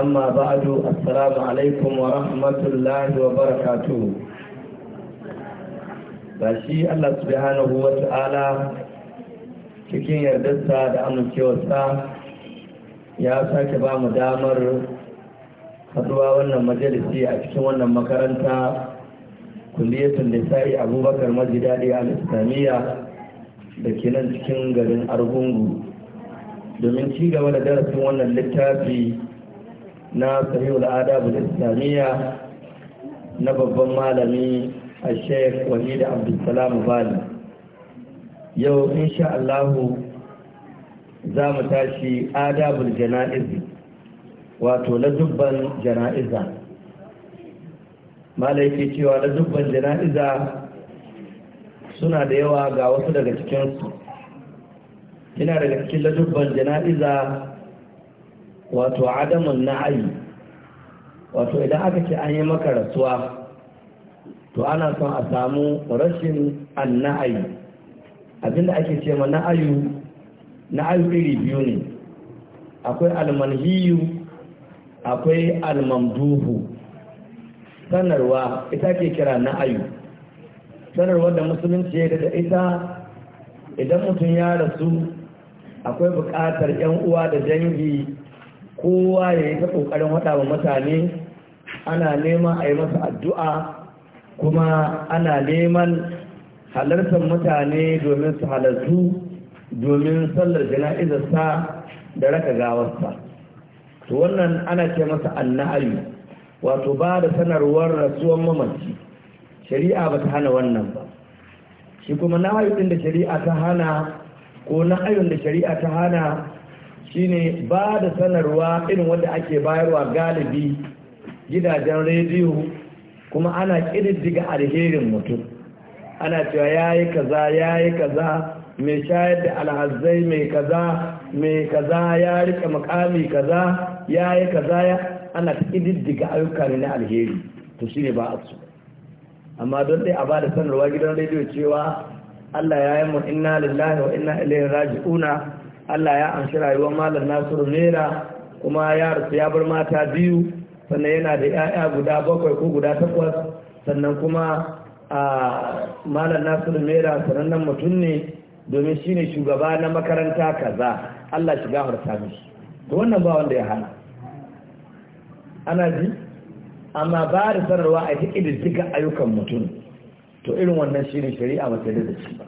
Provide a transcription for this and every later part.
أما بعد السلام عليكم ورحمة الله وبركاته bashi Allah subhanahu wa ta'ala cikin yardarsa da amincewarsa ya sake ba mu damar haduwa wannan majalisi a cikin wannan makaranta kulliyatul abu abubakar majidadi al-islamiyya da ke nan cikin garin argungu domin ci gaba da darasin wannan littafi na sahihul adabul islamiyya na babban malami a wani da abdulsalam bali yau insha Allahu za mu tashi adabul jana'izi wato na dubban jana'iza malaiki cewa na dubban jana'iza suna da yawa ga wasu daga cikinsu Ina daga cikin ladubban jana'iza wato adamun na'ayi wato idan aka ce an yi maka rasuwa to ana son a samu rashin an na'ayi abinda ake ce ma na'ayu na'ayu iri biyu ne akwai almanhiyu akwai almamduhu sanarwa ita ke kira na'ayu sanarwa da musulunci ya da ita idan mutum ya rasu akwai bukatar 'yan uwa da dangi kowa ya yi ta ƙoƙarin haɗa wa mutane ana neman a yi masa addu'a kuma ana neman halartar mutane domin su halartu domin sallar jana'izarsa da raka gawarsa to wannan ana ce masa annari wato ba da sanarwar rasuwan mamaci shari'a ba ta hana wannan ba shi kuma na da shari'a ta hana ko na'ayun da shari'a ta hana shine ba da sanarwa irin wanda ake bayarwa galibi gidajen rediyo kuma ana ƙididdiga alherin mutum ana cewa ya yi kaza ya yi kaza mai shayar da alhazai mai kaza mai kaza ya rika makami kaza ya yi kaza ya ana ƙididdiga ayyuka ne na alheri to shine ba a su amma don dai a ba da sanarwa gidan rediyo cewa Allah ya yi mu inna lillahi wa inna ilaihi raji'una Allah ya amshi rayuwar malam Nasiru Nera kuma ya rasu ya bar mata biyu sannan yana da 'ya'ya guda bakwai ko guda takwas sannan kuma a malam Nasiru Nera sanannen mutum ne domin shi ne shugaba na makaranta kaza Allah shiga harsa mishi to wannan ba wanda ya hana ana ji amma ba da sanarwa a ta jika ayyukan mutum to irin wannan shi ne shari'a ba da shi ba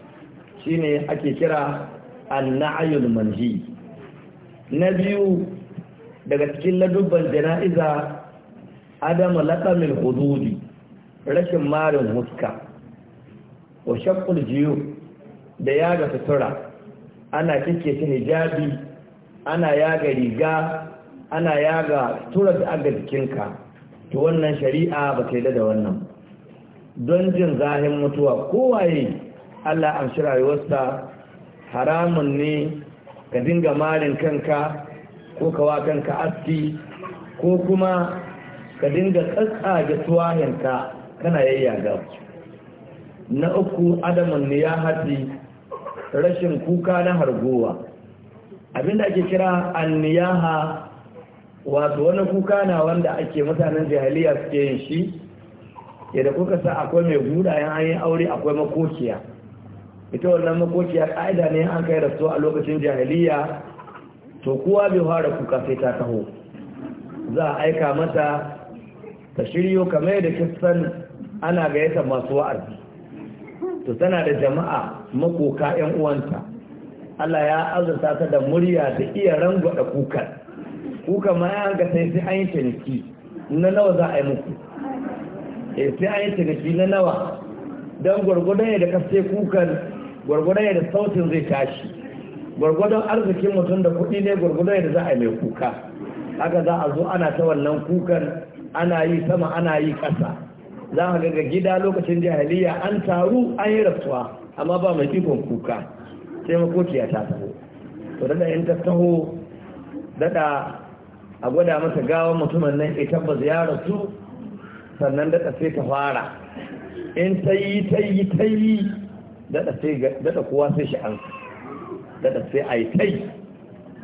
shi ne ake kira annayul manji na biyu daga cikin ladubban jana'iza adama laƙamin hududi rashin marin huska wa shakkul jiyu da yaga sutura ana kike shi hijabi ana yaga riga ana yaga sutura da aga jikinka to wannan shari'a ba ta da wannan don jin zahin mutuwa kowaye Allah amshi rayuwarsa haramun ne ka dinga marin kanka ko kawa kanka aski ko kuma ka dinga tsatsage tuwayenka kana yayyaga na uku adamun ne ya haɗi rashin kuka na hargowa abinda ake kira anniyaha wato wani kuka na wanda ake mutanen jahiliya suke yin shi yadda kuka sa akwai mai guda yan an yi aure akwai makokiya ita wannan makociya ƙa'ida ne an kai rasu a lokacin jahiliya to kowa bai fara kuka sai ta taho za a aika mata ta shiryo kamar da kisan ana gayyata masu wa'azi to tana da jama'a makoka 'yan uwanta Allah ya azurta ta da murya da iya rangwada kukan kukan ma ya sai sai an yi ciniki na nawa za a yi muku eh, sai an yi ciniki na nawa don gwargwadon da kasai kukan gwargwadon yadda sautin zai tashi gwargwadon arzikin mutum da kuɗi ne gwargwadon yadda za a yi mai kuka haka za a zo ana ta wannan kukan ana yi sama ana yi ƙasa za a ga gida lokacin jahiliya an taru an yi rasuwa amma ba mai ikon kuka sai makociya ta taho to dada in ta taho dada a gwada masa gawan mutumin nan ya eh, ba ya rasu sannan dada sai ta fara in ta yi ta yi ta yi dada kowa sai shi an dada sai a yi tai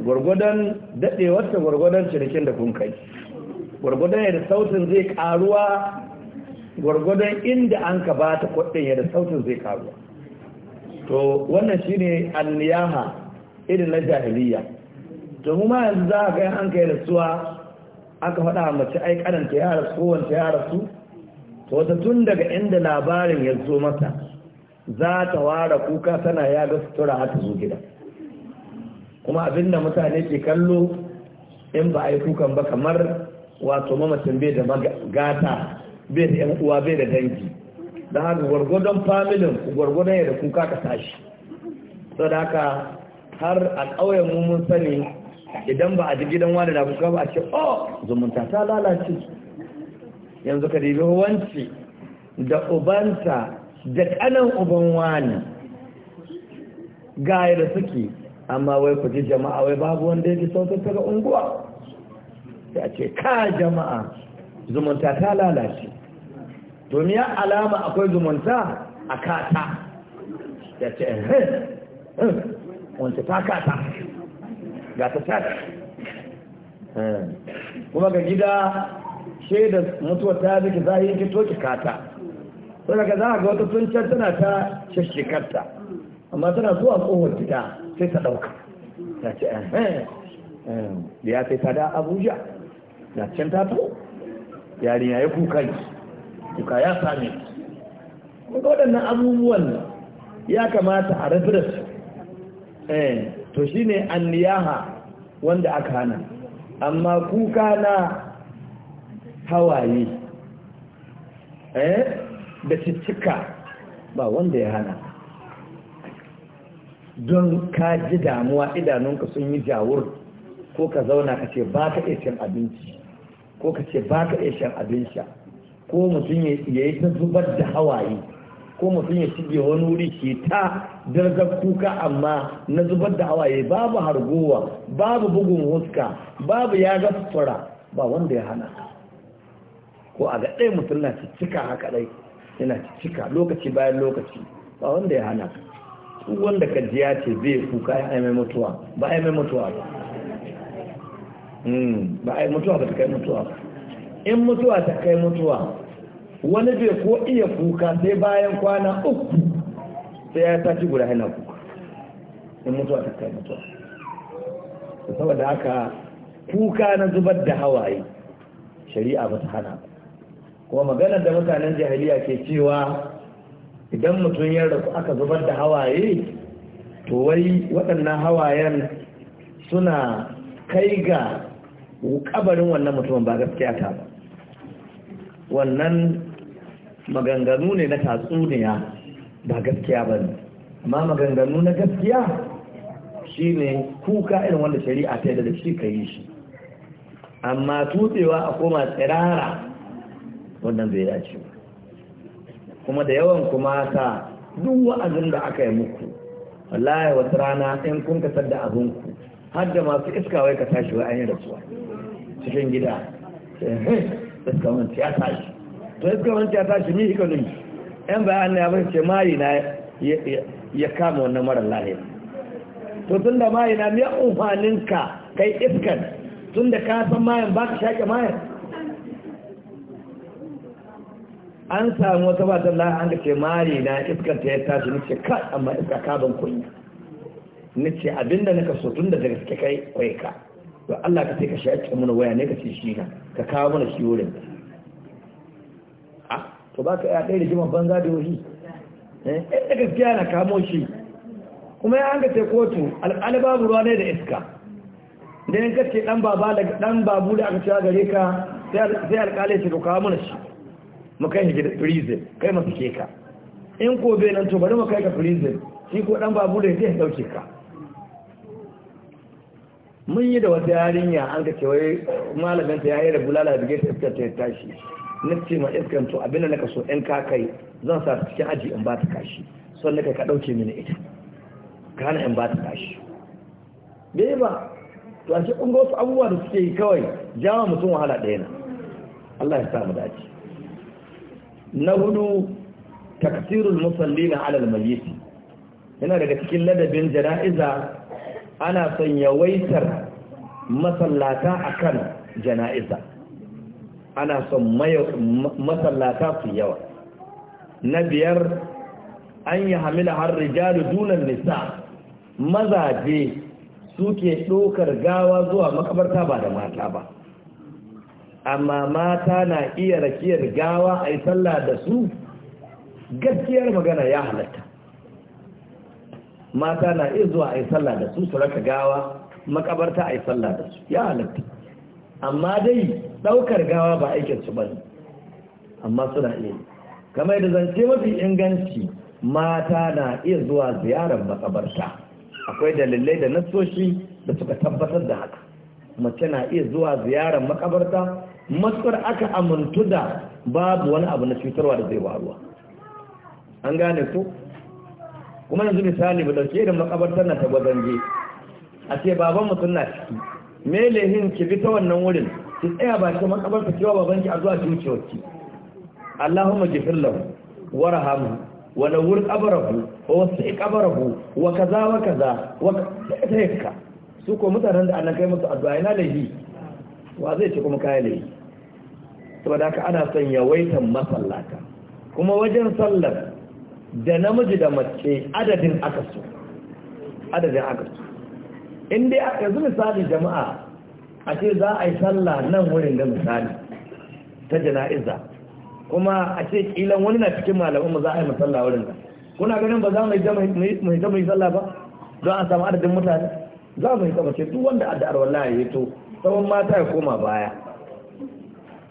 gwargwadon daɗewarsa gwargwadon cinikin da kun kai gwargwadon yadda sautin zai karuwa gwargwadon inda an ka ba ta kwaɗin yadda sautin zai karuwa to wannan shine anniyaha irin na jahiliya to kuma yanzu za ga an kai da suwa aka faɗa mace ai karanta ya rasu wanta ya rasu to wata tun daga inda labarin ya zo masa za ta ware kuka tana ya ga sutura ta zo gida kuma abinda mutane ke kallo in ba a yi kukan ba kamar wato mamacin bai da gata bai da bai da dangi Da haka gwargwadon familin gwargwadon yadda kuka ka tashi sau da haka har a ƙauyen mummun sani idan ba a ji gidan wani da kuka ba a ce oh zumunta ta lalace yanzu ka dibi wanci da ubanta da kanan uban wani gaya da suke amma wai ku ji jama'a wai babu wanda ya ji sautar daga unguwa sai a ce ka jama'a zumunta ta lalace domin ya alama akwai zumunta a kata ya ce wanda ta kata ga ta tata kuma ga gida shaidar mutuwar ta ziki zahiri ki toki kata sai daga za a ga wata sun can tana ta shashikarta amma tana zuwa tsohon fita sai ta ɗauka ta ce ya sai ta da abuja na can ta to yarinya ya kuka ki kuka ya sami. ki waɗannan abubuwan ya kamata a rafi da su to shine anniyaha wanda aka hana amma kuka na hawaye eh da cicika ba wanda ya hana don ka ji damuwa idanunka sun yi jawur ko ka zauna ka ce ba ka iya shan abinci ko ka ce ba ka iya shan abin ko mutum ya yi ta zubar da hawaye ko mutum ya shige wani wuri ke ta dargar kuka amma na zubar da hawaye babu harguwa babu bugun huska babu ya gafara ba wanda ya hana ko a ga ɗaya mutum na cika haka ɗai yana cika lokaci bayan lokaci ba wanda ya hana su wanda ka ji ya ce zai kuka ya aimai mutuwa ba aimai mutuwa ba hmm, ba ai mutuwa ba ta kai mutuwa ba in mutuwa ta kai mutuwa wani bai ko iya kuka sai bayan kwana uku sai ya tashi guda yana kuka in mutuwa ta kai mutuwa saboda haka kuka na zubar da hawaye shari'a ba ta hana ba kuma maganar da mutanen jahiliya ke cewa idan mutum ya rasu aka zubar da hawaye to wai waɗannan hawayen suna kai ga kabarin wannan mutumin ba gaskiya ta ba wannan maganganu ne na tatsuniya ba gaskiya ba ne amma maganganu na gaskiya shi ne kuka irin wanda shari'a ta yadda da shi ka yi shi amma tutsewa a koma tsirara wannan bai dace ba kuma da yawan kuma ta duk wa'azin da aka yi muku wallahi wata rana in kun ka sadda abun ku har da masu iska wai ka tashi wai an yi rasuwa cikin gida iska wani ya tashi to iska wanci ya tashi mi hika nuni yan bayan na ya ce mari na ya kama wannan marar lahiyar to tun da mari na miya umfaninka kai iskan tun da ka san mayan ba ka shaƙe mayan an samu wata ba zalla an da ke mari na iskar ta ya tashi ce ka amma iska ka ban kunya ce abinda naka so tun da daga suke kai kai ka to Allah ka sai ka shaƙi mana waya ne ka ce shi na ka kawo mana shi wurin a ah, to ba ka ya ɗaya da jiman banza da wuri yohi inda eh, gaskiya na kamo shi kuma ya hanga sai kotu al'ada babu ruwa ne da iska da yanka ce ɗan babu da aka cewa gare ka sai alƙalai ce to kawo mana shi mu kai shi prison kai masu ke ka in ko bai nan to bari mu kai ka prison shi ko dan babu da zai dauke ka mun yi da wata yarinya an ga ce wai malamin ta yayi da bulala da gaske ta ta tashi na ce ma iskan to abin da naka so in ka kai zan sa ta cikin aji in ba ta kashi son naka ka dauke mini ita ka hana in ba ta kashi bai ba to a ce kun wasu abubuwa da suke yi kawai jawa mutum wahala ɗaya na Allah ya sa mu dace na hudu taksirul musallina alal mayyit yana daga cikin ladabin jana'iza ana son yawaitar masallata akan jana'iza ana son masallata su yawa na biyar an yi hamila har rijalu dunan nisa mazaje suke ɗaukar gawa zuwa makabarta ba da mata ba amma mata na iya rakiyar gawa a yi sallah da su gaskiyar magana ya halatta mata na iya zuwa a yi sallah da su su raka gawa makabarta a yi sallah da su ya halatta amma dai ɗaukar gawa ba aikin su bane amma suna iya kamar da zance mafi inganci mata na iya zuwa ziyarar makabarta akwai dalilai da nasoshi da suka tabbatar da haka mace na iya zuwa ziyarar makabarta matsar aka amintu da babu wani abu na cutarwa da zai waruwa an gane ku? kuma yanzu misali ba dauke da makabartar na ta a ce baban mutum na ciki me lehin ki bi ta wannan wurin ki tsaya ba ki makabarta cewa baban ki a zuwa zuciyarki Allahumma ghfir lahu warhamhu wa nawwir qabrahu wa wasi qabrahu wa kaza wa kaza wa ta'ika su ko mutanen da ana kai musu addu'a ina lahi wa zai ci kuma kayan layi saboda haka ana son yawaitan masallata kuma wajen sallar da namiji da mace adadin aka so adadin aka so in dai aka yanzu misali jama'a a ce za a yi sallah nan wurin da misali ta jana'iza kuma a ce kilan wani na cikin malamin mu za a yi masalla wurin da kuna ganin ba za mu yi ta mu yi sallah ba don a samu adadin mutane za mu yi kama ce duk wanda adda arwallah ya to tsawon mata ya koma baya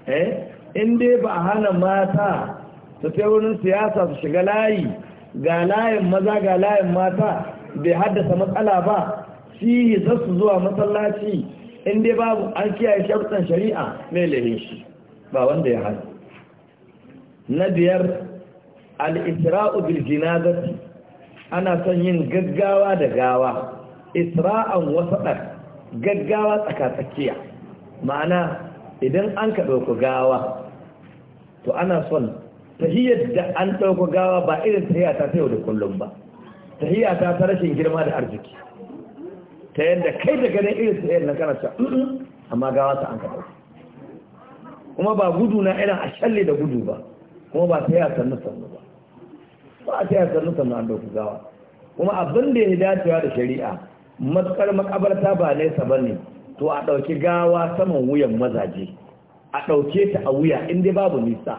eh in dai ba a hana mata su ta siyasa su shiga layi ga layin maza ga layin mata bai haddasa matsala ba shi za su zuwa masallaci in dai babu an kiyaye sharuɗan shari'a mai lahin shi ba wanda ya hana na biyar al'isra'u israu ana son yin gaggawa da gawa isra'an wasaɗar gaggawa tsakatsakiya ma'ana idan an ka ɗauku gawa to ana son tahiyyar da an ɗauku gawa ba irin tahiyata ta sayo da kullum ba tahiyata ta rashin girma da arziki ta yadda kai da ganin irin tahiyyar na kana amma gawa ta an ka ɗauku kuma ba gudu na irin a shalle da gudu ba kuma ba tahiyar sannu sannu ba ba a tahiyar sannu sannu an ɗauku gawa kuma abin da ya dacewa da shari'a Matuƙar makabarta ba nesa ba ne to a ɗauki gawa saman wuyan mazaje a ɗauke ta a wuya inda babu nisa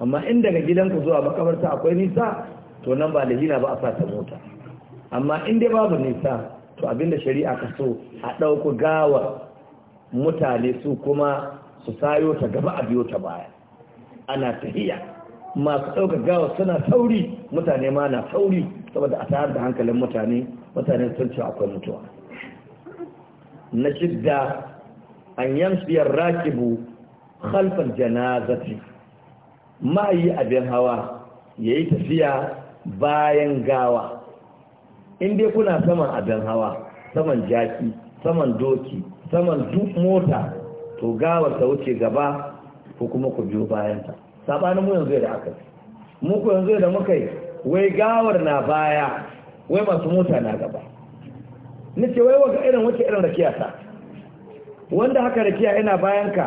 amma in daga gidanku zuwa makabarta akwai nisa to nan ba da gina ba a sata mota amma inda babu nisa to abinda shari'a ka so a ɗauku gawa mutane su kuma su sayo ta gaba a biyo ta baya ana tahiya masu ɗauka gawa suna sauri mutane ma na sauri saboda a tayar da hankalin mutane mutane sun ce akwai mutuwa na shidda an yamsiyar rakibu halfar janazati ma'ayi abin hawa ya yi tafiya bayan gawa in kuna saman abin hawa saman jaki saman doki saman duk mota to gawar ta wuce gaba ko kuma ku biyo bayanta sabanin mu yanzu da aka mu ku yanzu da muka yi wai gawar na baya wai masu mota na gaba ni ce wai waga irin wace irin rakiya ta wanda haka rakiya yana bayan ka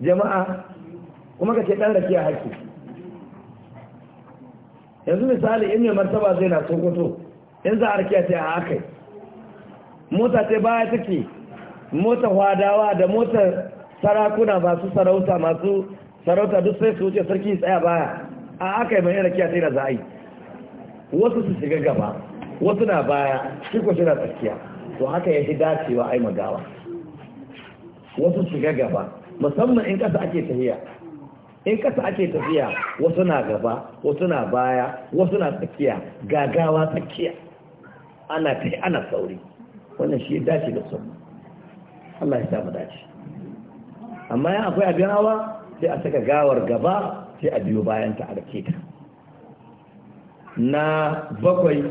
jama'a kuma ka ce dan rakiya haki yanzu misali in mai martaba zai na sokoto in za a rakiya sai a haka mota ta baya take mota hwadawa da motar sarakuna masu sarauta masu sarauta duk sai su wuce sarki tsaya baya a haka mai rakiya sai da za a yi wasu su shiga gaba wasu na baya shi ko shi na tsakiya to haka ya shi dacewa ai magawa wasu shiga gaba musamman in kasa ake tafiya in kasa ake tafiya wasu na gaba wasu na baya wasu na tsakiya gagawa tsakiya ana tafi ana sauri wannan shi ya dace da su Allah ya samu dace amma ya akwai abin hawa sai a saka gawar gaba sai a biyo bayan ta a rake ta na bakwai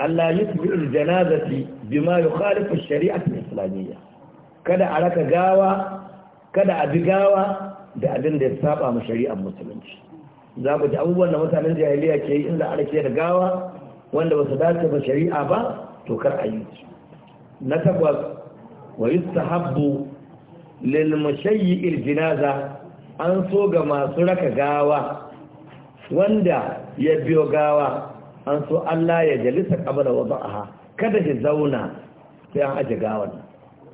Allah yusbi'ul janazati ma yukhalifu shari'at islamiyya kada a raka gawa kada a bi gawa da abin da ya saba ma shari'ar musulunci za ku ji abubuwan da mutanen jahiliya ke yi za a ke da gawa wanda ba su dace ba shari'a ba to kar a yi na takwas wa yustahabbu lil mushayyi'il jinaza an so ga masu raka gawa wanda ya biyo gawa an so Allah ya jalisa kabala wa kada shi zauna sai an aje gawan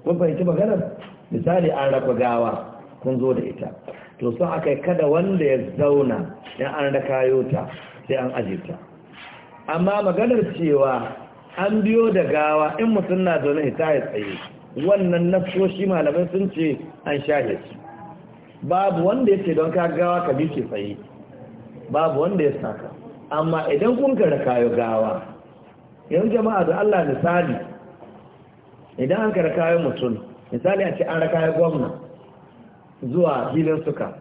kun fahimci maganar misali an raka gawa kun zo da ita to so akai kada wanda ya zauna in an raka ta sai an aje ta amma maganar cewa an biyo da gawa in mutum na zaune ita ya tsaye wannan nafsoshi malamai sun ce an sha babu wanda ya don ka gawa ka bi ke tsaye babu wanda ya saka amma idan kun kare kayo gawa yanzu jama'a da Allah misali idan an kare kayo mutum misali a ce an rakayo gwamna zuwa filin suka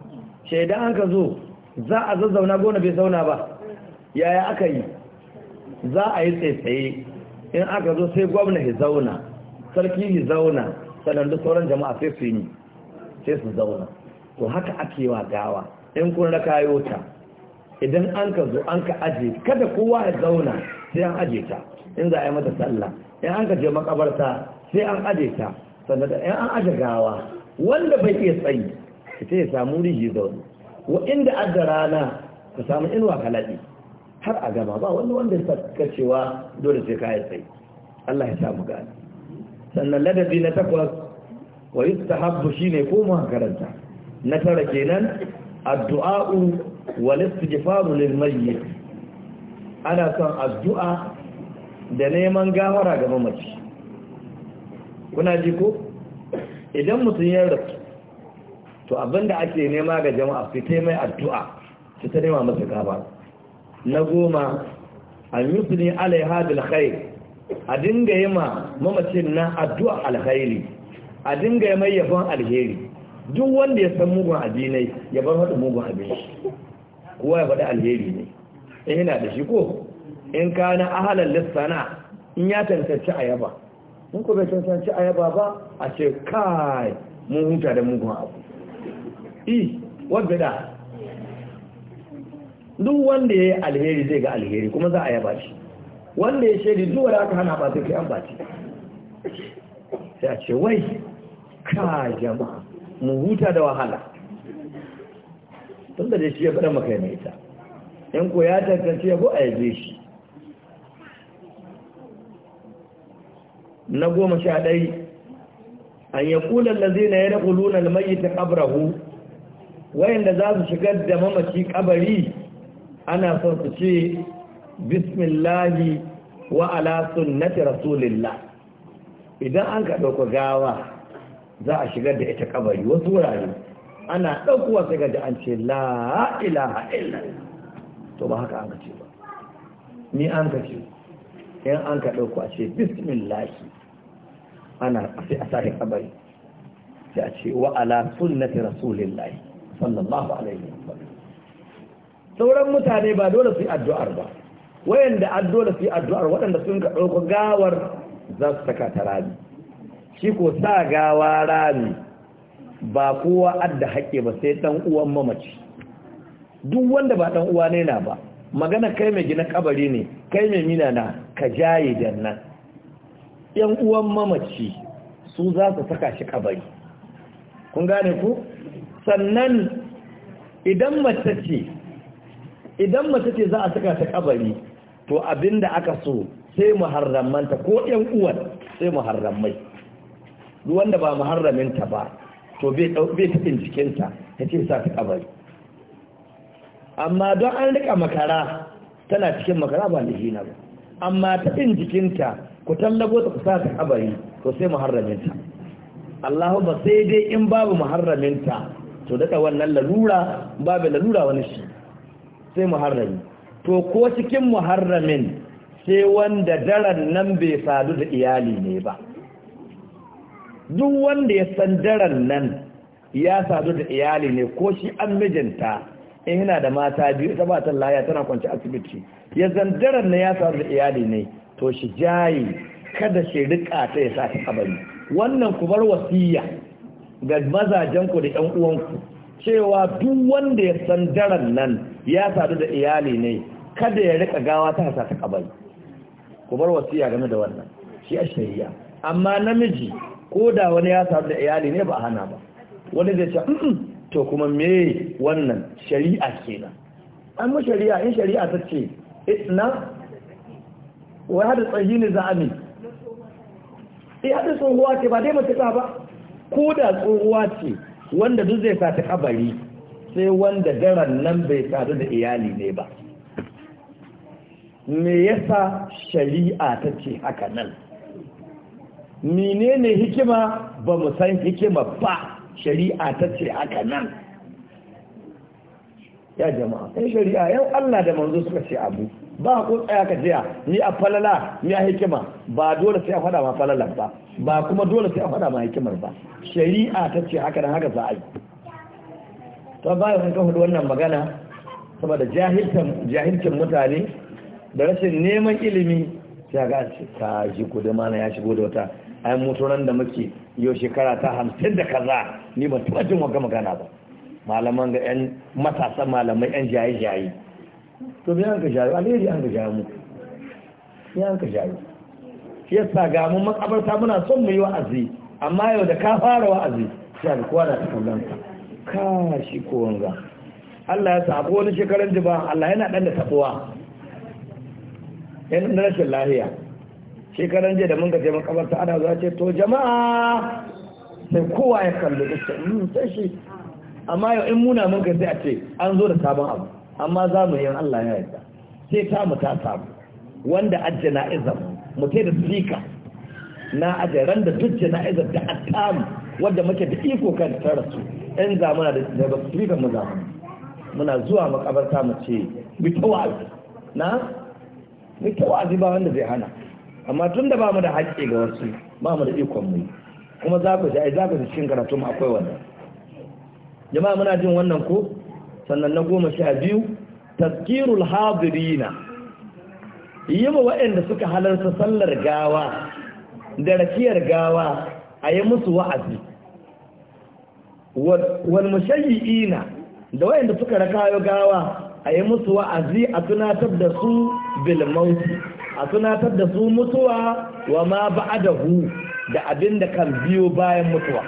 ce idan an ka zo za a zazzauna gona bai zauna ba yaya aka yi za a yi tsaye in aka zo sai gwamna ya zauna sarki ya zauna sannan da sauran jama'a sai su yi sai su zauna to haka ake wa gawa in kun rakayo ta idan an ka zo an ka aje kada kowa ya zauna sai an aje ta in za a yi mata sallah in an ka je makabarta sai an aje ta sannan in an aje gawa wanda bai iya tsayi ita ya samu riji zaune wa inda adda rana ka samu inuwa laɗi, har a gama ba wani wanda ya saka cewa dole sai ka yi tsayi Allah ya samu gani sannan ladabi na takwas wa yi ta habbu shi ne ko mu karanta na tara kenan addu'a'u wal istighfaru lil ana son addu'a da neman gafara ga mamaci kuna ji ko idan mutum ya rasu to abinda ake nema ga jama'a fita mai addu'a su ta nema masa gaba na goma an yusni alaiha bil khair a dinga yi ma mamacin na addu'a alkhairi a dinga yi mai yabon alheri duk wanda ya san mugun abinai ya bar hadu mugun abinci. kowa ya faɗi alheri ne in yana da shi ko in ka na ahalar lissana in ya tantance ayaba in ko bai tantance ayaba ba a ce kai mun huta da mugun abu i wadda da duk wanda ya yi alheri zai ga alheri kuma za a yaba shi wanda ya shaidi zuwa da aka hana ba sai an baci sai a ce wai ka jama'a mu huta da wahala tun da dai shi ya faɗa maka yana in ko ya tantance ya ko a yaje shi na goma sha ɗai an ya kula lazina ya raƙulu na ta ƙabrahu wayanda za su shigar da mamaci ƙabari ana son su ce bismillahi wa ala sunnati rasulillah idan an ka ɗauka gawa za a shigar da ita ƙabari wasu wurare ana ɗaukuwa sai gaji an ce la ilaha illallah to ba haka an ka ce ba ni an ka ce yan an ka ɗaukuwa a ce bismillahi ana sai a sake kabari sai a ce wa'ala ala sunnati rasulillahi sallallahu alaihi wasallam sauran mutane ba dole su yi addu'ar ba wayanda addu'ar su yi addu'ar waɗanda sun ka ɗauka gawar za su saka ta rami shi ko sa gawa rami ba kowa adda haƙe ba sai dan uwan mamaci duk wanda ba dan uwa ne na ba magana kai mai gina kabari ne kai mai mina na ka jaye da nan yan uwan mamaci su za su saka shi kabari kun gane ku sannan idan mace ce idan mace ce za a saka ta kabari to abinda aka so sai muharramanta ko yan uwan sai muharramai duk wanda ba muharraminta ba to bai taɓin cikinta ya ce sa ta ƙabari amma don an rika makara tana cikin makara ba da hina ba amma taɓin jikinta ku tallago ta ku sa ta ƙabari to sai muharraminta Allahu ba sai dai in babu muharraminta to daga wannan lalura babu lalura wani shi sai muharrami to ko cikin muharramin sai wanda daren nan bai sadu da iyali ne ba duk wanda ya san daren nan ya sadu da iyali ne ko shi an mijinta in yana da mata biyu ta batan laya tana kwanci asibiti ya zan daren nan ya sadu da iyali ne to shi jayi kada shi rika ta ya sa ta kabari wannan ku bar wasiya ga mazajen ku da yan uwanku cewa duk wanda ya san daren nan ya sadu da iyali ne kada ya rika gawa ta sa ta kabari ku bar wasiya game da wannan shi a shari'a amma namiji ko da wani ya samu da iyali ne ba a hana ba wani zai ce to kuma me wannan shari'a kenan an mu shari'a in shari'a ta ce isna eh, wai hada tsayi ne za a ne eh hada tsohuwa ce ba dai mace ta ba ko da tsohuwa ce wanda duk zai sa ta kabari sai wanda daren nan bai sadu da iyali ne ba me yasa shari'a ta ce haka nan menene hikima ba mu san hikima ba shari'a ta ce aka nan ya jama'a sai shari'a yau Allah da manzo suka ce abu ba ku tsaya ka jiya ni a falala ni a hikima ba dole sai a faɗa ma falalar ba ba kuma dole sai a faɗa ma hikimar ba shari'a ta ce haka nan haka za a yi to yau ka hudu wannan magana saboda jahilcin mutane da rashin neman ilimi ya ga Ta ka ji mana ya shigo da wata ai mutunan da muke yau shekara ta hamsin da kaza ni ban taɓa jin wanga magana ba malaman ga yan matasa malamai yan jaye-jaye to me an ka jayo alheri an ka jayo mu me an ka jayo shi yasa ga mun makabarta muna son mu yi wa'azi amma yau da ka fara wa'azi sai ga kowa na ta kallon ka ka shi ko wanga Allah ya sa wani shekaran jiba Allah yana dan da tabuwa yan rashin lahiya shekaran jiya da mun gaje kabarta ana za ce to jama'a sai kowa ya kalli iska hmm, sai shi amma yau in muna mun gaje a ce an zo da sabon abu amma za mu yin Allah ya yarda sai ta mu ta samu wanda ajjana izam mu kai da sika na ajaran da duk jana'izar da attamu wanda muke da iko kan ta rasu In zamana da da sika mu zamana muna zuwa makabarta mu ce mu tawazi na mu tawazi ba wanda zai hana amma tun da ba mu da haƙƙi ga wasu ba mu da ikon mu kuma za ku ji za ku ji cikin karatu mu akwai wannan jama'a muna jin wannan ko sannan na goma sha biyu tazkirul hadirina yi ma wa'anda suka halarta sallar gawa da rakiyar gawa a yi musu wa'azi wal mushayyi'ina da wa'anda suka rakayo gawa a yi musu wa'azi a tunatar da su bil mauti a tunatar da su mutuwa wa ma ba'adahu da abin da kan biyo bayan mutuwa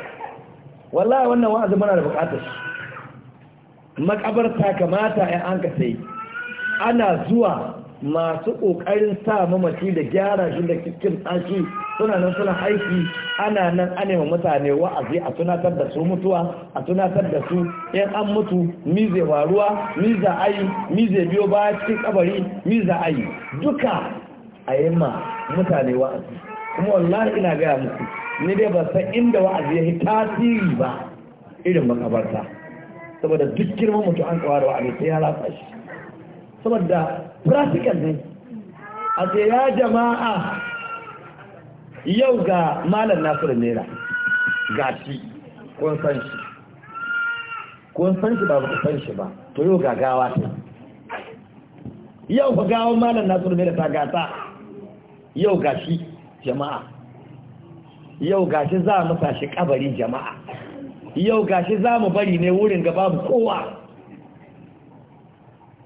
wallahi wannan wa'azi muna da bukatar shi makabarta kamata ya an ka sai ana zuwa masu ƙoƙarin sa mamaci da gyara shi da kikin tsashi suna nan suna aiki ana nan anema mutane wa'azi a tunatar da su mutuwa a tunatar da su yan an mutu mi zai faruwa mi za a yi mi zai biyo baya cikin kabari mi za a yi duka a yi ma mutane wa'azi kuma wallahi ina gaya muku ni dai ba san inda wa'azi ya yi tasiri ba irin makabarta saboda duk girman mutum an kawar wa'azi sai ya rafa shi saboda practical ne a ce ya jama'a yau ga malam nasiru naira ga shi kun san shi kun san shi ba ba san shi ba to yau ga gawa ta yau ga gawan malam nasiru naira ta gata yau gashi jama'a yau gashi za mu tashi kabari jama'a yau gashi za mu bari ne wurin ga babu kowa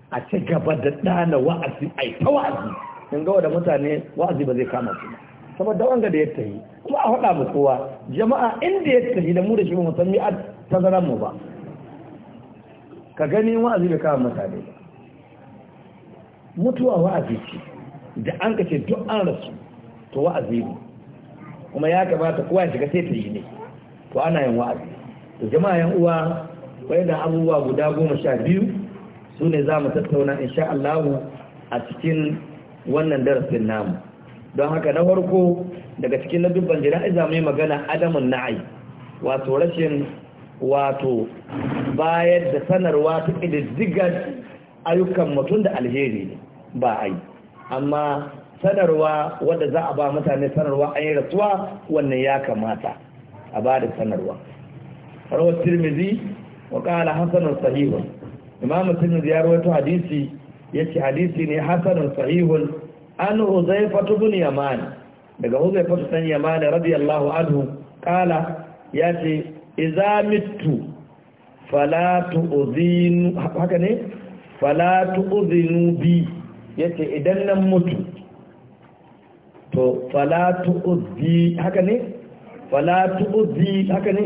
a ci gaba da ɗana wa'azi a ta wa'azi in ga da mutane wa'azi ba zai kama su saboda wanga da ya tafi kuma a haɗa mu kowa jama'a inda ya tafi da mu da shi mu san mi a tazaran mu ba ka gani wa'azi bai kama mutane mutuwa wa'azi ce da an kace duk an rasu to wa'azi ne kuma ya kamata kowa ya shiga sai ta yi ne to ana yin wa'azi to jama'a yan uwa da abubuwa guda goma sha biyu su ne za mu tattauna insha Allah a cikin wannan darasin namu don haka na farko daga cikin na dubban jana'iza mai magana adamun na'ai wato rashin wato bayar da sanarwa ta ƙididdigar ayyukan mutum da alheri ba a yi amma sanarwa wadda za a ba mutane sanarwa an yi rasuwa wannan ya kamata a ba da sanarwa rawar tirmizi wa kala hasanun sahihun imamu tirmizi ya rawaito hadisi ya ce hadisi ne hasanun sahihun an huzaifa tubun yaman daga huzaifa tubun yaman radiyallahu anhu kala ya ce iza mitu falatu uzinu haka ne falatu uzinu bi ce idan nan mutu to Falatu uzi haka ne Falatu uzi haka ne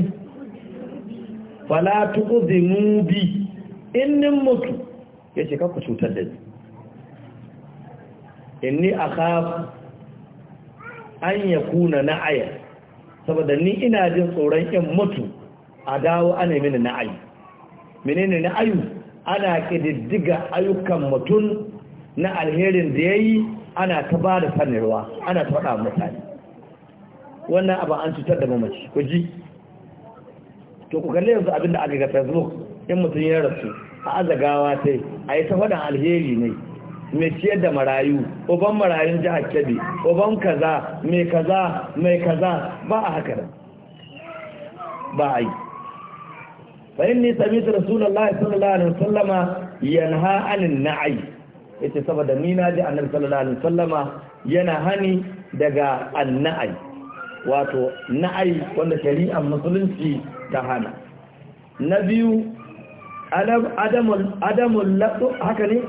falatu uzi mubi innin mutu ya ce ku cutar da ni inni akhaf an yakuna na'aya saboda ni ina jin tsoron in mutu a dawo ana mini na'ayi menene na'ayu ana kididdiga ayyukan mutum na alherin da ya yi ana ta ba da sanarwa ana ta faɗa mutane wannan abin an cutar da mamaci ku ji to ku kalli yanzu abin da aka ga facebook in mutum ya rasu a azagawa sai a yi ta faɗin alheri ne mai ciyar da marayu uban marayun jihar kebe uban kaza mai kaza mai kaza ba a haka da ba a yi fahimni sami su rasulallah sallallahu alaihi wasallama yanha anin na'ai yace saboda ni na ji annabi sallallahu alaihi wasallama yana hani daga annai wato na'ai wanda shari'ar musulunci ta hana na biyu adamun haka ne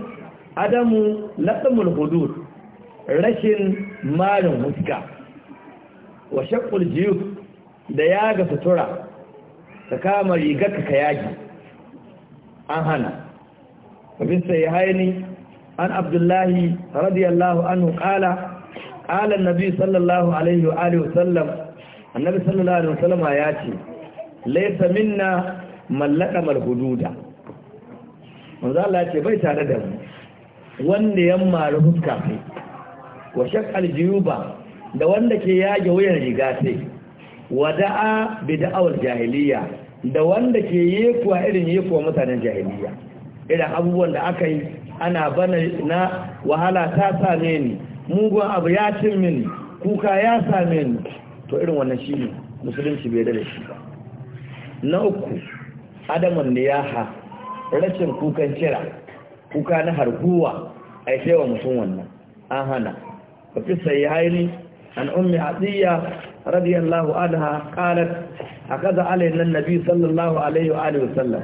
adamu laɗamul hudud rashin malin huska wa shakul jiyu da yaga sutura ta kama rigarka ka yaji an hana abin sai hayani. an abdullahi radiyallahu anhu qala qala annabi sallallahu alaihi wa alihi wasallam annabi sallallahu alaihi wasallam ya ce laysa minna mallaka malhududa manzo Allah ya ce bai tare da mu wanda ya mara huska kai wa juyuba da wanda ke yage wayar riga sai wada'a bi da'awar jahiliya da wanda ke yekuwa irin yekuwa mutanen jahiliya irin abubuwan da aka yi ana bana na wahala ta same ni mugun abu ya cin mini kuka ya same ni to irin wannan shi ne musulunci bai da shi ba na uku adamun da ya ha rashin kukan kira kuka na harguwa a yi wa mutum wannan an hana ka fi sayi haini an ummi lahu radiyallahu anha a kaza alayna nan nabi sallallahu alaihi wa sallam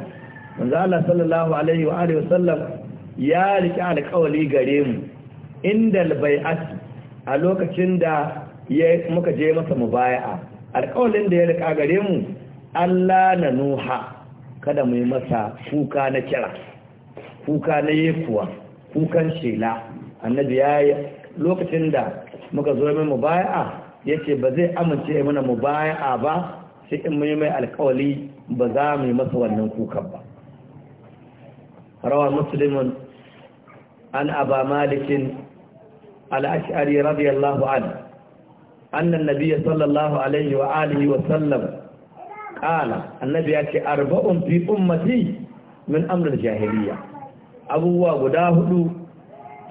manzo Allah sallallahu alaihi wa sallam ya riƙe alƙawali gare mu inda bai'ati a lokacin da ya muka je masa mubaya'a alƙawalin da ya riƙa gare mu Allah na nuha kada mu yi masa kuka na kira kuka na yekuwa kukan shela annabi ya yi lokacin da muka zo mai mubaya'a yace ba zai amince mana mubaya'a ba sai in mun yi mai alƙawali ba za mu yi masa wannan kukan ba rawar muslimun an aba malikin al'ashari radiyallahu an annan nabiya sallallahu alaihi wa alihi wa sallam ƙala annabi ce arba'un fi ummati min amrin jahiliya abubuwa guda hudu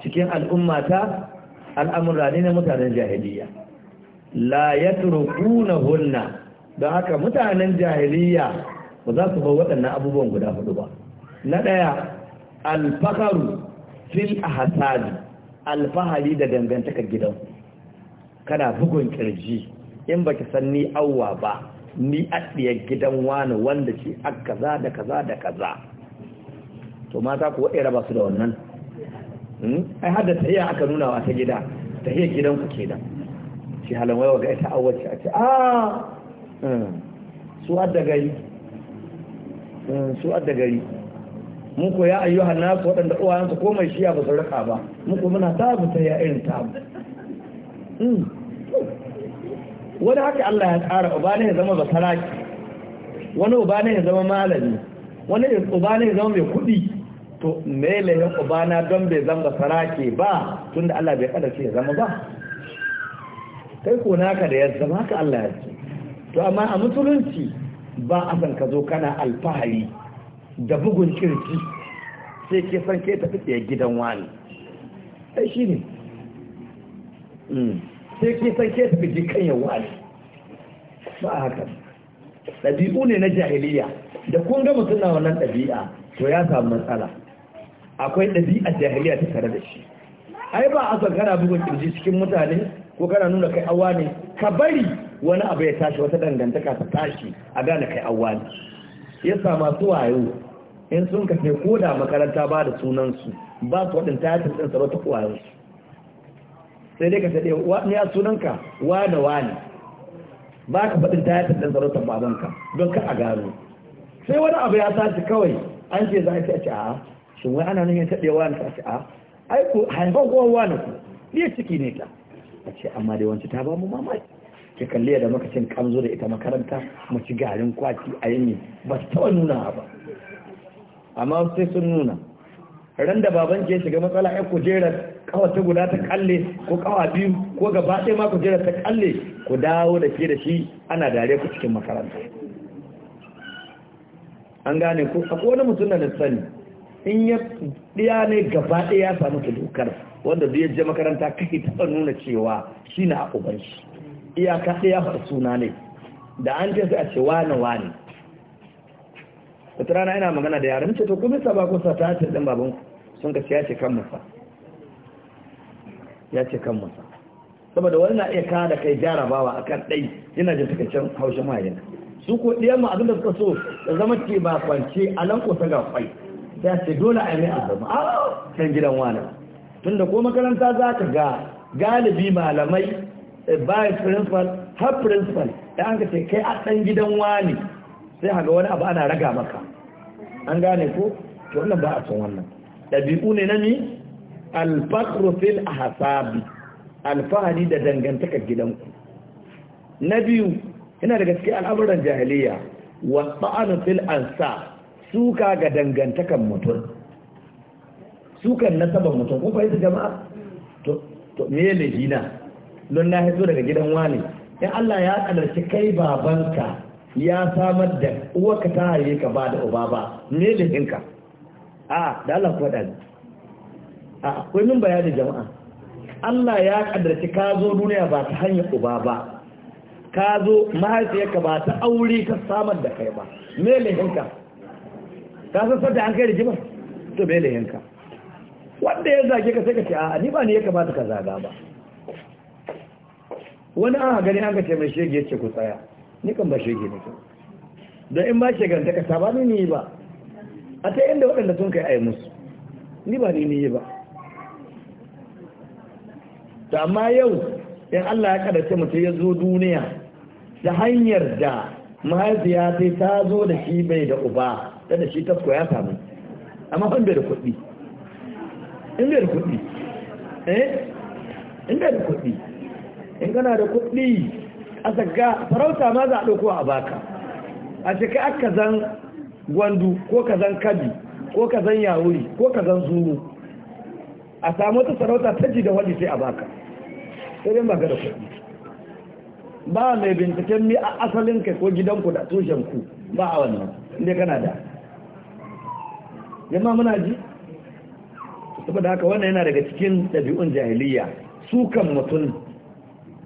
cikin al'ummata al'amura ne na mutanen jahiliya la ya hunna da haka mutanen jahiliya ba za su waɗannan abubuwan guda hudu ba na ɗaya alfakaru fil ahsani alfahari da dangantaka gidan kana bugun kirji in baki san ni awwa ba ni addiyar gidan wani wanda ce kaza da kaza da kaza to mata ku wadai raba su da wannan hmm? ai har da tahiya aka nuna wa ta gida tahiyar gidan ku kenan shi halan waiwa ga ita ce a ce a ah! hmm. su adda gari hmm, su adda gari mu ko ya ayyuhan nasu waɗanda uwayensu ko mai shiya ba su ba mu ko muna ta ta ya irin ta hmm. wani haka Allah ya tsara uba ne ya zama basaraki wani uba ne ya zama malami wani uba ne ya zama mai kuɗi to mele ya uba na don bai zama basaraki ba tunda Allah bai kada ce ya zama ba kai ko naka da ya zama haka Allah ya ce to amma a musulunci ba a san ka zo kana alfahari da bugun kirki sai ke san ke tafi tsaye gidan wani ai shi ne mm. sai ke san ke tafi jikan ya wani ba haka ɗabi'u ne na jahiliya da kun ga mutum na wannan ɗabi'a to ya samu matsala akwai ɗabi'a jahiliya ta tare da shi ai ba a son kana bugun kirji cikin mutane ko kana nuna kai awa ne ka bari wani abu ya tashi wata dangantaka ta tashi a gane kai awa ne ya yasa masu wayo in sun kafe ko da makaranta ba da sunansu ba su waɗin tayatar ɗin sarauta ta wayo sai dai ka sai wani ya sunanka wane wane ba ka faɗin tayatar ɗin sarauta babanka don ka a gano sai wani abu ya sace kawai an ce za a ce a ce a shin wai ana nan ya taɗe wani ta ce a aiko ku haifan kowa wani ku ciki ne ta a ce amma dai wancan ta ba mu mamaki ki kalli da muka cin kamzo da ita makaranta mu garin kwaki a yi ba su taɓa nuna ba amma sai sun nuna ran da baban ke shiga matsala ai kujerar kawa ta guda ta kalle ko kawa biyu ko gaba ɗaya ma kujerar ta kalle ku dawo da ke da shi ana dare ku cikin makaranta an gane ku akwai wani mutum da sani in ya ɗiya ne gaba ɗaya ya samu ta dokar wanda zai je makaranta kake taɓa nuna cewa shi na a iyaka ɗaya suna ne da an ce sai a ce wane wane wata rana ina magana da yaran ce to kuma sa ba kusa ta ce ɗin baban sun ka ya ce kan musa ya ce kan musa saboda wani na iya ka da kai jarabawa a kan ɗai yana jin takaicen haushin mahaifinka su ko ɗiyan ma abinda suka so da zama ce ba kwance a nan kusa ga kwai ta ce dole a yi mai azama a kan gidan wani tunda ko makaranta za ka ga galibi malamai Eh, by principal har principal da an ka ce kai a ɗan gidan wani sai haga wani abu ana raga maka an gane ko to wannan ba a son wannan ɗabi'u ne na ni alfakru fil hasabi. alfahari da dangantaka gidanku na biyu yana daga cikin al'amuran jahiliya wa ta'anu fil ansa suka ga dangantakan mutum sukan nasaban mutum ko fahimta jama'a to me ne jina don na hito daga gidan wani in Allah ya kadarci kai babanka ya samar da uwaka ta haye ka ba da uba ba da laifinka a da Allah ko da a akwai min bayanin jama'a Allah ya kadarci ka zo duniya ba ta hanyar uba ba ka zo mahaifiyarka ba ta aure ta samar da kai ba me laifinka ka san sadda an kai rigimar to me laifinka wanda ya zage ka sai ka ce a ni ba ne ya kamata ka zaga ba wani an gani an ce mai shege ce ku tsaya ni kan ba shege ne da in ba shegan ta kasa ba ni ba a ta inda waɗanda sun kai ayi musu ni ba ni ni ba ta amma yau in Allah ya ce mutum ya zo duniya ta hanyar da mahaifiya sai ta zo da shi bai da uba ta da shi ta koya samu amma ban bai da kuɗi in bai da kuɗi eh in bai da kuɗi in gana da kuɗi a zaga farauta ma za a ɗauko a baka a cika aka zan gwandu ko ka zan kabi ko ka zan yawuri ko ka zan zuru a samu ta farauta ta ji da wani sai a baka sai dai baka da kuɗi ba mai binciken mi a asalin kai ko gidanku da tushen ku ba a wannan inda kana da yamma muna ji saboda haka wannan yana daga cikin ɗabi'un jahiliya sukan mutum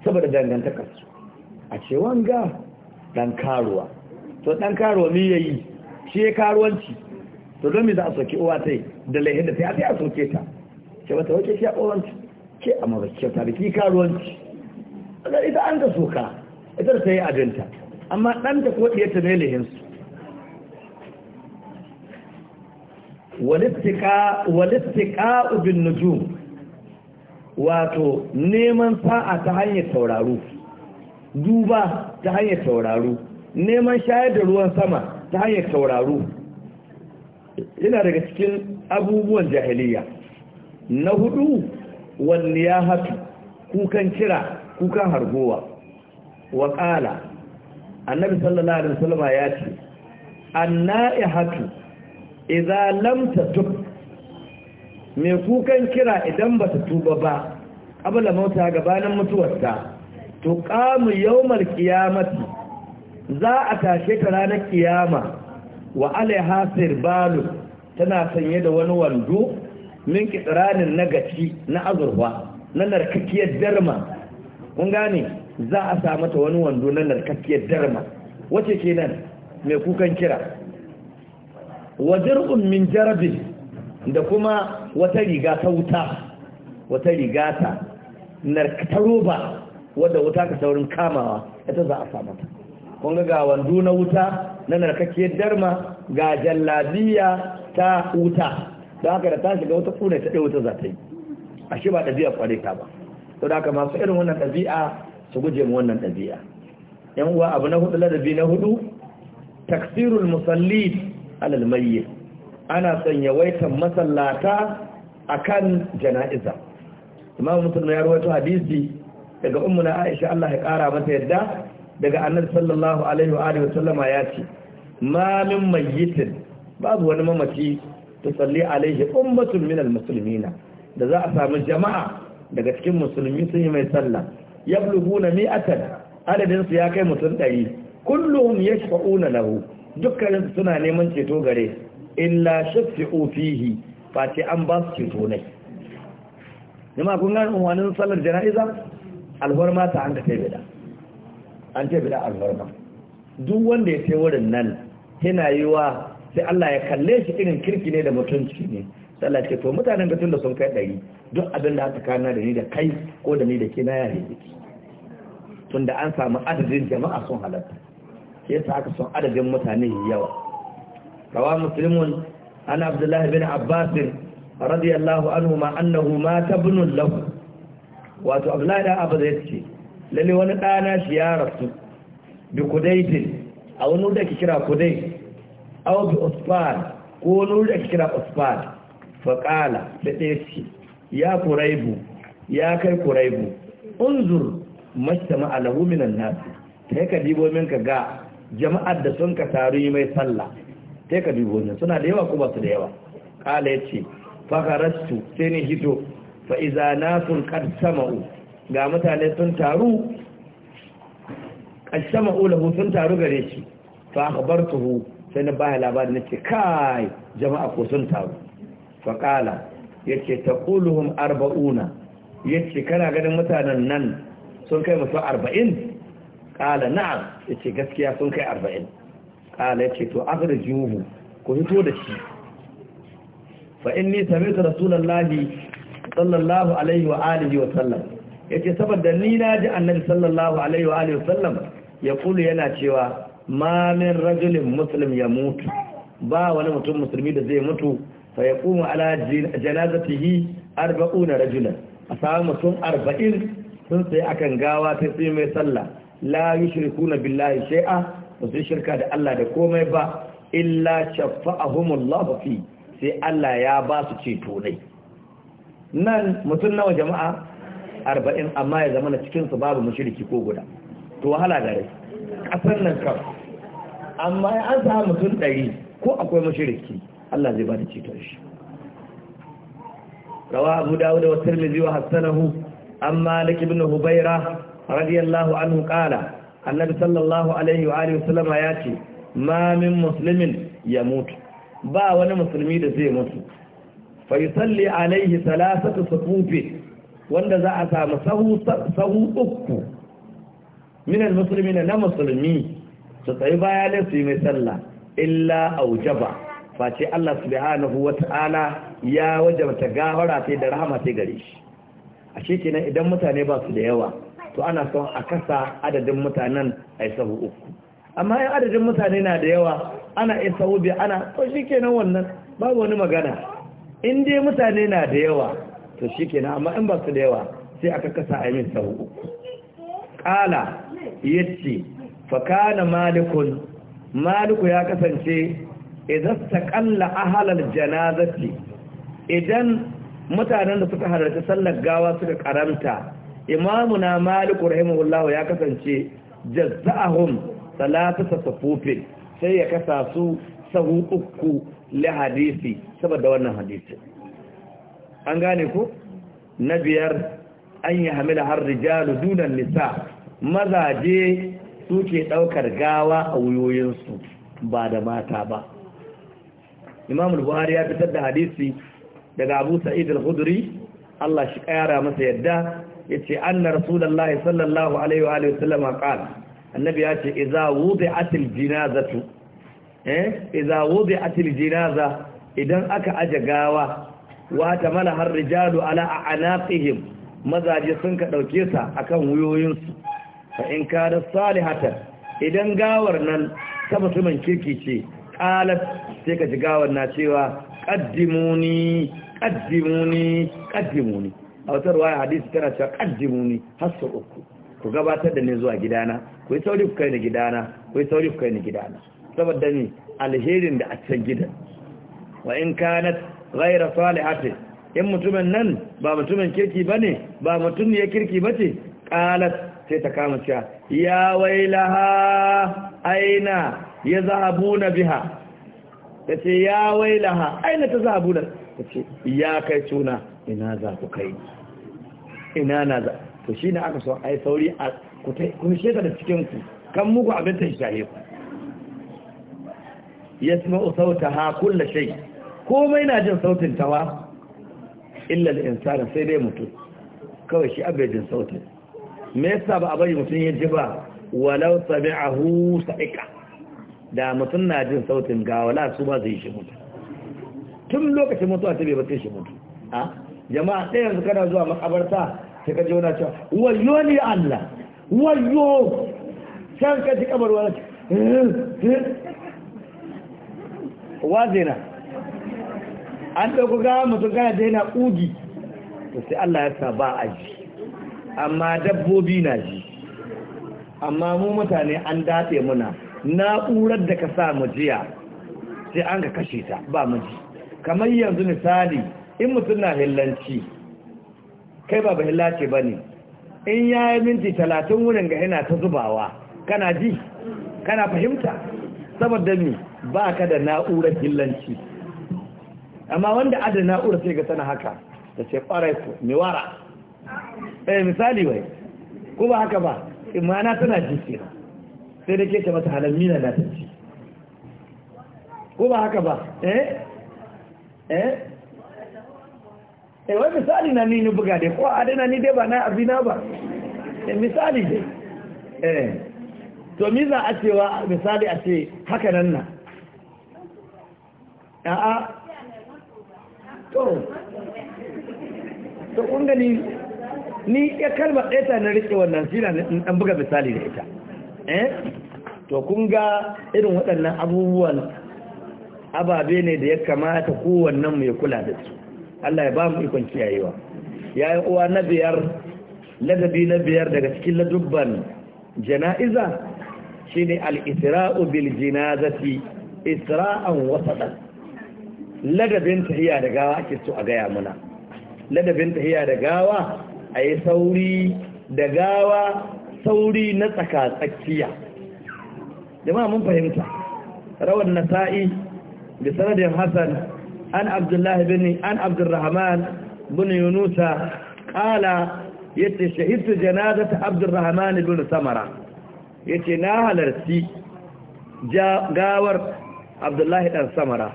saboda dangantakarsu a ce wanga dan karuwa to dan karuwa ni yayi shi ya karuwanci to don me za a soke uwa sai da laihin da ta yi a soke ta ce wata wace shi a karuwanci ce a ba ta da ki karuwanci da ita an ta soka ita ta yi abinta amma ɗanta ko ɗiyarta ne laihinsu walittika ubin nujum wato neman sa'a ta hanyar tauraro duba ta hanyar tauraro neman shayar da ruwan sama ta hanyar tauraro yana daga cikin abubuwan jahiliya na hudu wani ya hatu kukan kira kukan hargowa waƙala annabi sallallahu alaihi wasallama ya ce anna'ihatu idza lam tatub mai kukan kira idan ba ta tuba ba abala mota gabanin mutuwarta to kamu yawmar kiyamati za a tashe ta ranar kiyama wa alaiha sirbalu tana sanye da wani wando min kitsiranin na gaci na azurfa na narkakiyar darma kun gane za a samu ta wani wando na narkakiyar darma wace kenan mai kukan kira wajir'un min jarabi da kuma wata riga ta wuta wata riga ta narkata roba wadda wuta ka saurin kamawa ita za a samata kun ga wando na wuta na narkakkiyar darma ga jallabiya ta wuta don haka da ta shiga wata kuna ta ɗaya wuta za ta yi a shi ba ɗabi'a kware ta ba to da haka masu irin wannan ɗabi'a su guje mu wannan ɗabi'a yan uwa abu na hudu ladabi na hudu taksirul musalli alal mayyit ana son yawaitan masallata akan jana'iza imam muslim ya rawaito hadisi daga ummu na aisha Allah ya kara mata yadda daga annabi sallallahu alaihi wa alihi wasallama ya ce ma min mayyitin babu wani mamaci tusalli alaihi ummatun minal muslimina da za a samu jama'a daga cikin musulmi sun yi mai sallah yablughuna mi'atan adadin su ya kai mutum 100 kulluhum yashfa'una lahu dukkan suna neman ceto gare illa shafi'u fihi fati an ba su ceto ne jama'a kun gane umarnin sallar jana'iza alfarma ta an ka bida an bida alfarma duk wanda ya ce wurin nan yana yi sai Allah ya kalle shi irin kirki ne da mutunci ne sallah ce to mutanen ga tunda sun kai ɗari duk abin da aka kana da ni da kai ko da ni da ke na yare yake tunda an samu adadin jama'a sun halatta ke sa aka son adadin mutane yawa rawa musulmun ana abdullahi bin abbasin radiyallahu anhu ma an na hu ta binu wato abdullahi da abu zai ce lalle wani ɗana shi ya rasu bi kudaitin a wani wurin da ke kira kudai awa bi ko wani da ke kira osfad faƙala da ya kuraibu ya kai kuraibu in zur mashita ma'alahu minan nasi ta yi ka dibomin ka ga jama'ar da sun ka taru yi mai sallah sai ka dubo ne suna da yawa ko ba su da yawa kala yace fa kharastu sai ni hito fa iza nasun qad sama'u ga mutane sun taru qad sama'u lahu sun taru gare shi fa akhbartuhu sai na baya labarin nace kai jama'a ko sun taru fa kala yace taquluhum arba'una yace kana ganin mutanen nan sun kai musu arba'in kala na'am yace gaskiya sun kai arba'in qala yace to akhrijuhu ku hito da shi fa inni sami'tu rasulullahi sallallahu alaihi wa alihi wa sallam yace saboda ni na ji annabi sallallahu alaihi wa alihi wa sallam ya kulu yana cewa ma min rajulin muslim ya mutu ba wani mutum musulmi da zai mutu fa ya kuma ala janazatihi arba'una rajulan a samu mutum arba'in sun sai akan gawa ta sai mai sallah la yushrikuna billahi shay'a ba su shirka da Allah da komai ba illa shafa'ahumullah fi sai Allah ya ba su ceto ne nan mutum nawa jama'a arba'in amma ya zama na su babu mashiriki ko guda to wahala da rai nan kan amma ya an samu mutum ɗari ko akwai mashiriki Allah zai ba da ceton shi rawa abu dawud wa tirmidhi wa hasanahu amma malik ibn hubaira radiyallahu anhu qala annabi sallallahu alaihi wa alihi ya ce ma min muslimin ya mutu ba wani musulmi da zai mutu fa yusalli alaihi salasatu sufufi wanda za a samu sahu sahu uku min almuslimin na musulmi su tsayi baya ne su yi mai sallah illa aujaba face Allah subhanahu wata'ala ya wajabta gafara sai da rahama sai gare shi a shi kenan idan mutane ba su da yawa to ana son a kasa adadin mutanen a yi sahu uku amma yin adadin mutane na da yawa ana iya sahu biya ana to shi kenan wannan babu wani magana in dai mutane na da yawa to shi kenan amma in ba su da yawa sai aka kasa a yi min sahu uku ƙala ya ce fakana malikun maliku ya kasance idan ta ƙalla ahalar janazati idan mutanen da suka halarci sallar gawa suka karanta imamu imamuna maliku rahimahullahu ya kasance jazza'ahum salatu safufin sai ya kasa su sahu uku li hadisi saboda wannan hadisi an gane ku? na biyar an yi hamila har rijalu dunan nisa mazaje suke daukar gawa a wuyoyinsu ba da mata ba imamu buhari ya fitar da hadisi daga abu sa'id al-khudri Allah shi kayara masa yadda yace anna rasulullahi sallallahu alaihi wa alihi wasallama qala annabi yace idza wudi'atil jinazatu eh idza wudi'atil jinaza idan aka aje gawa wa mana har rijalu ala anaqihim mazaje sun ka ɗauke sa akan wuyoyinsu fa in ka da salihatan idan gawar nan ta mutumin kirki ce ƙalas sai ka ji gawar na cewa qaddimuni qaddimuni qaddimuni a wata ruwaya hadisi tana cewa har hasu uku ku gabatar da ni zuwa gidana ku yi sauri ku kai ni gidana ku yi sauri ku kai ni gidana saboda ni alherin da a can gidan wa in kanat ghaira salihati in mutumin nan ba mutumin kirki bane ba mutum ya kirki bace qalat sai ta kama cewa ya wailaha aina ya zahabuna biha tace ya wailaha aina ta zahabuna tace ya kai suna ina za ku kai ina na za to shi ne aka so a yi sauri a kun shekar da cikinku kan muku abin ta shaye ku ya sima usauta ha kulla shai komai na jin sautin tawa illa illal insana sai dai mutum kawai shi abin jin sautin me yasa ba a bari mutum ya ji ba walau husa sa'ika da mutum na jin sautin ga wala su ba zai shi mutu tun lokacin mutuwa ta bai batun shi mutu a ah? jama'a ɗaya yanzu kana zuwa makabarta ta ka ji wani cewa wayo ne Allah wayo can ka ji kamar wani eh, eh. wazina an ɗauku gawa mutum kana da yana ƙugi to sai Allah ya sa ba a ji amma dabbobi na ji amma mu mutane an datse muna na'urar da ka sa mu jiya sai an ka kashe ta ba mu ji kamar yanzu misali in mutum na hillanci kai ba bai ce ba ne in ya yi minti talatin wurin ga yana ta zubawa kana ji kana fahimta saboda ne ba ka da na'urar hillanci amma wanda adana na'urar sai ga sana haka da ce ƙwarai ku miwara eh misali wai ko ba haka ba imana tana ji kira sai da ke ce mata halamina na ta ci ko ba haka ba eh eh E wai misali na ni ni buga dai ko a dana ni dai ba na abina ba e misali dai eh to mi za a cewa misali a ce haka nan na a'a to to kun gani ni ya kalmar ɗaya na riƙe wannan shi na ɗan buga misali da ita eh to kunga ga irin waɗannan abubuwan ababe ne da ya kamata kowannen mu ya kula da su Allah ya ba mu ikon kiyayewa yi uwa na biyar ladabi na biyar daga cikin ladubban jana'iza shine al-isra'u bil jinazati isra'an wasatan ladabin tahiya da gawa ake so a gaya muna ladabin tahiya da gawa ayi sauri da gawa sauri na tsaka tsakiya jama'a mun fahimta rawan nasa'i da sanadin Hassan. an abdullahi bin an abdurrahman bin yunusa qala yace shahidtu janazata abdurrahman bin samara yace na halarci gawar abdullahi dan samara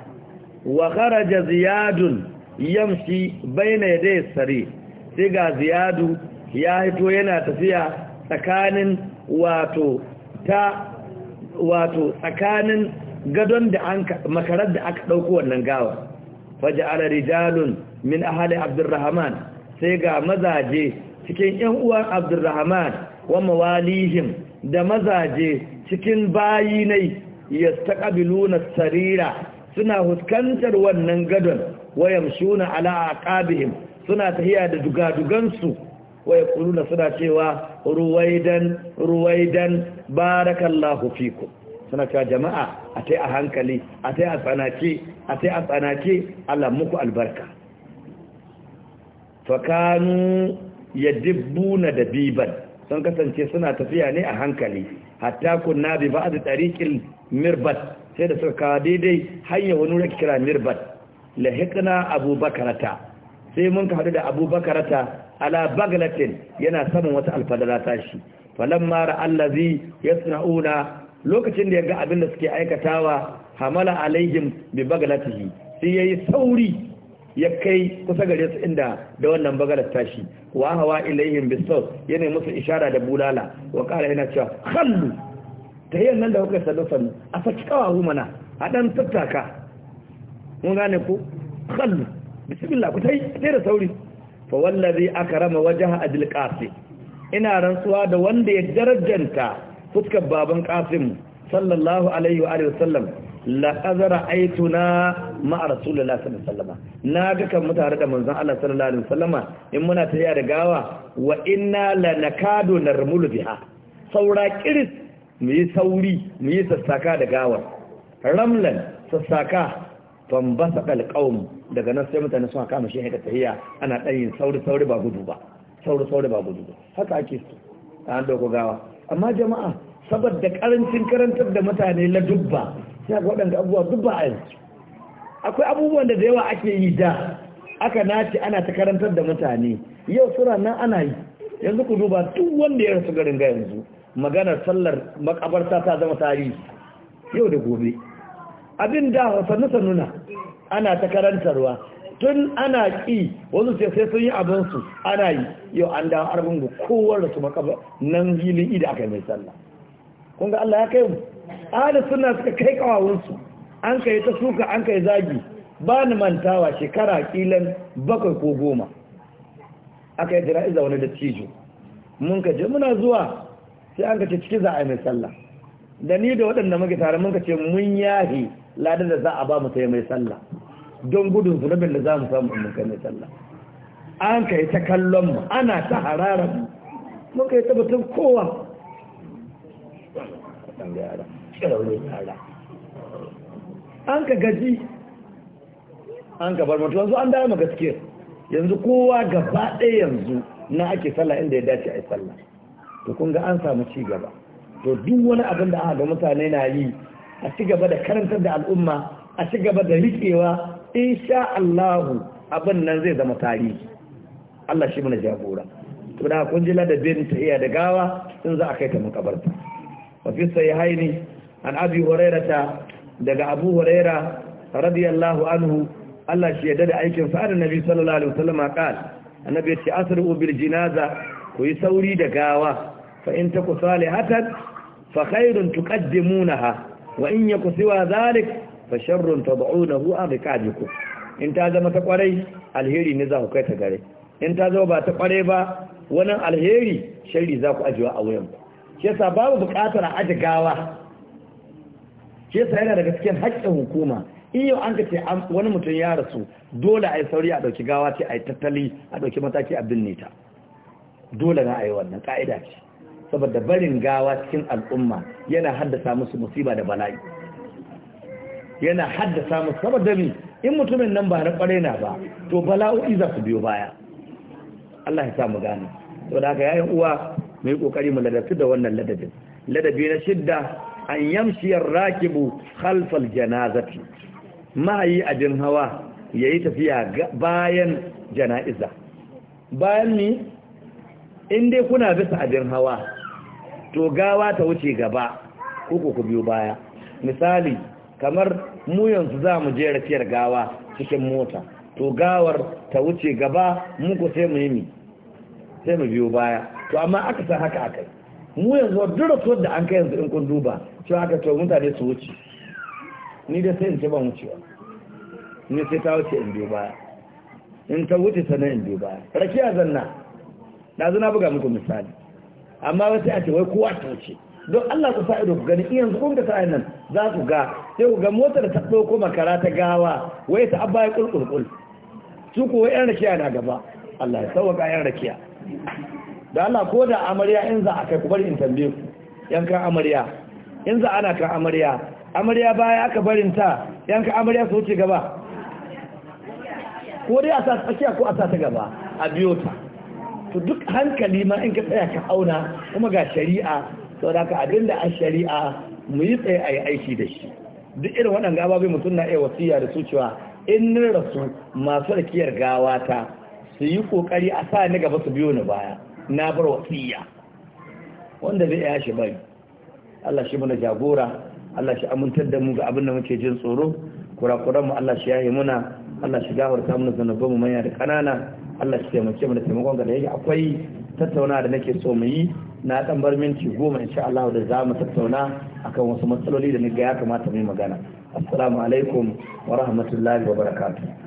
wa kharaja ziyadun yamshi baina yaday sari sai ga ziyadu ya hito yana tafiya tsakanin wato ta wato tsakanin gadon da an makarar da aka dauko wannan gawar faja'ala rijalun min ahli abdurrahman sai ga mazaje cikin ƴan uwan abdurrahman wa mawalihim da mazaje cikin bayi ne yastaqbiluna sarira suna huskantar wannan gadon wayamshuna ala aqabihim suna tahiya da dugadugansu waya kuluna suna cewa ruwaidan ruwaidan barakallahu fikum suna cewa jama'a a tai a hankali a tai a tsanace, a tai a tsanace. Allah muku albarka fakanu da biban sun kasance suna tafiya ne a hankali hatta na bi da tsarikin mirbat sai da suka kawo daidai hanya wani wurin kira mirbat lahiqna abubakarata sai mun ka hadu da abubakarata ala baglatin yana saman wata alfadala tashi falamma ra'allazi yasnauna lokacin da ya ga abin da suke aikatawa hamala alaihim bi bagalatihi sai yayi sauri ya kai kusa gare su inda da wannan bagalar tashi wa hawa ilaihim bisaw yana musu ishara da bulala wa kala yana cewa khallu yayin nan da kuka sallu a saki kawahu mana a dan tattaka mun gane ku khallu bismillah ku tai sai da sauri fa wallazi akrama wajha adil qasi ina rantsuwa da wanda ya darajanta fuskar baban kafin sallallahu alaihi wa alihi wasallam azara aituna ma'a rasulullah sallallahu alaihi na ga kan mutare da manzon Allah sallallahu alaihi sallam in muna tafiya da gawa wa inna nakadu narmul biha saura kiris mu yi sauri mu yi sassaka da gawar ramlan sassaka fambasa qaum daga nan sai mutane suna kama shi haka tafiya ana dan yin sauri sauri ba gudu ba sauri sauri ba gudu ba haka ake su an dauko gawa amma jama'a saboda karancin karantar da mutane la dubba sai ga waɗanda abubuwa dubba a akwai abubuwan da da yawa ake yi da aka nace ana ta karantar da mutane yau sura nan ana yi yanzu ku duba duk wanda ya rasu garin ga yanzu maganar sallar makabarta ta zama tarihi yau da gobe abin da sannu sanuna ana ta karantarwa tun ana ƙi wasu sai sun yi abinsu ana yi yau an dawo arbin ga kowar da su makaba nan hilin idi aka yi mai sallah kun ga Allah ya kai mu ahli suna suka kai kawawunsu an kai ta suka an kai zagi ba ni mantawa shekara kilan bakwai ko goma aka yi jira'iza wani da tijo mun ka je muna zuwa sai an ka ce ciki za a yi mai sallah da ni da waɗanda muke tare mun ka ce mun yahi ladan da za a ba mu sai mai sallah don gudun zunubin da za mu samu in muka mai sallah an yi ta kallon mu ana ta hararar mu muka yi ta kowa an ka gaji an ka bar mutu yanzu an dawo gaskiya yanzu kowa gaba ɗaya yanzu na ake tsalla inda ya dace a yi sallah to kun ga an samu ci gaba to duk wani abin da aka ga mutane na yi a ci gaba da karantar da al'umma a ci gaba da riƙewa insha Allah abin nan zai zama tarihi Allah shi mana jagora da kun ji ladabin ta iya da gawa in za a kai ta makabarta wa fi haini an abi hurairata daga abu huraira radiyallahu anhu Allah shi yadda da aikin sa annabi sallallahu alaihi wasallam qala annabi ya ce asru bil jinaza ku yi sauri da gawa fa in taku salihatan fa khairun tuqaddimunaha wa in yaku dhalik fa sharrun tad'unahu an riqabikum in ta zama ta kwarai alheri ne za ku kai ta gare in ta zama ba ta kwarai ba wannan alheri sharri za ku ajiwa a wuyan ku shi yasa babu buƙatar a aje gawa shi yasa yana daga cikin haƙƙin hukuma in yau an ka ce wani mutum ya rasu dole a yi sauri a ɗauki gawa ce a yi tattali a ɗauki mataki a binne ta dole na a yi wannan ƙa'ida ce saboda barin gawa cikin al'umma yana haddasa musu musiba da bala'i yana haddasa musu saboda dami in mutumin nan ba na kware na ba to bala'o'i za su biyo baya Allah ya sa mu gane to da ga yayin uwa mu yi kokari mu ladabi da wannan ladabin ladabi na shidda an yamshi rakibu khalfal janazati mahayi ajin hawa yayi tafiya bayan jana'iza bayan ni in dai kuna bisa abin hawa to gawa ta wuce gaba ko ku biyo baya misali kamar mu yanzu za mu jera rafiyar gawa cikin mota to gawar ta wuce gaba mu sai mu yi mi, sai mu biyo baya to amma aka san haka akai mu yanzu duk rasuwar da an kai yanzu in kun duba cewa aka to mutane su wuce ni da sai in ce ban wucewa ni sai ta wuce in biyo baya in ta wuce sanan in biyo baya rakiya zanna na zana buga muku misali amma wasu a ce wai kowa ta wuce don Allah ku fa'ido ku gani in yanzu kun ga sa'ayin nan za ku ga sai ku ga motar ta ɗauko makara ta gawa wai ta abba ya kulkulkul su ko wai yan rakiya na gaba Allah ya sauwaka yan rakiya da Allah ko da amarya in za a kai ku bari in tambaye ku yankan amarya in za ana kan amarya amarya baya aka barin ta yankan amarya su wuce gaba ko dai a sa tsakiya ko a sa ta gaba a biyo ta to duk hankali ma in ka tsaya ka auna kuma ga shari'a sau da ka abin a shari'a mu yi tsaye a yi aiki da shi duk irin waɗanda bai mutum na iya wasiya da su cewa in ni rasu masu rakiyar gawa ta su yi kokari a sa ni gaba su biyo ni baya na bar wasiya wanda zai yashi bari Allah shi muna jagora Allah shi amintar da mu ga abin da muke jin tsoro kurakuran mu Allah shi yayi muna Allah shi gafarta mana zanubban mu manya da kanana Allah shi taimake mu da taimakon ga da yake akwai tattauna da nake so mu yi na dan bar minti goma insha Allah da za mu tattauna akan wasu matsaloli da ni ga ya kamata mu yi magana assalamu alaikum wa rahmatullahi wa barakatuh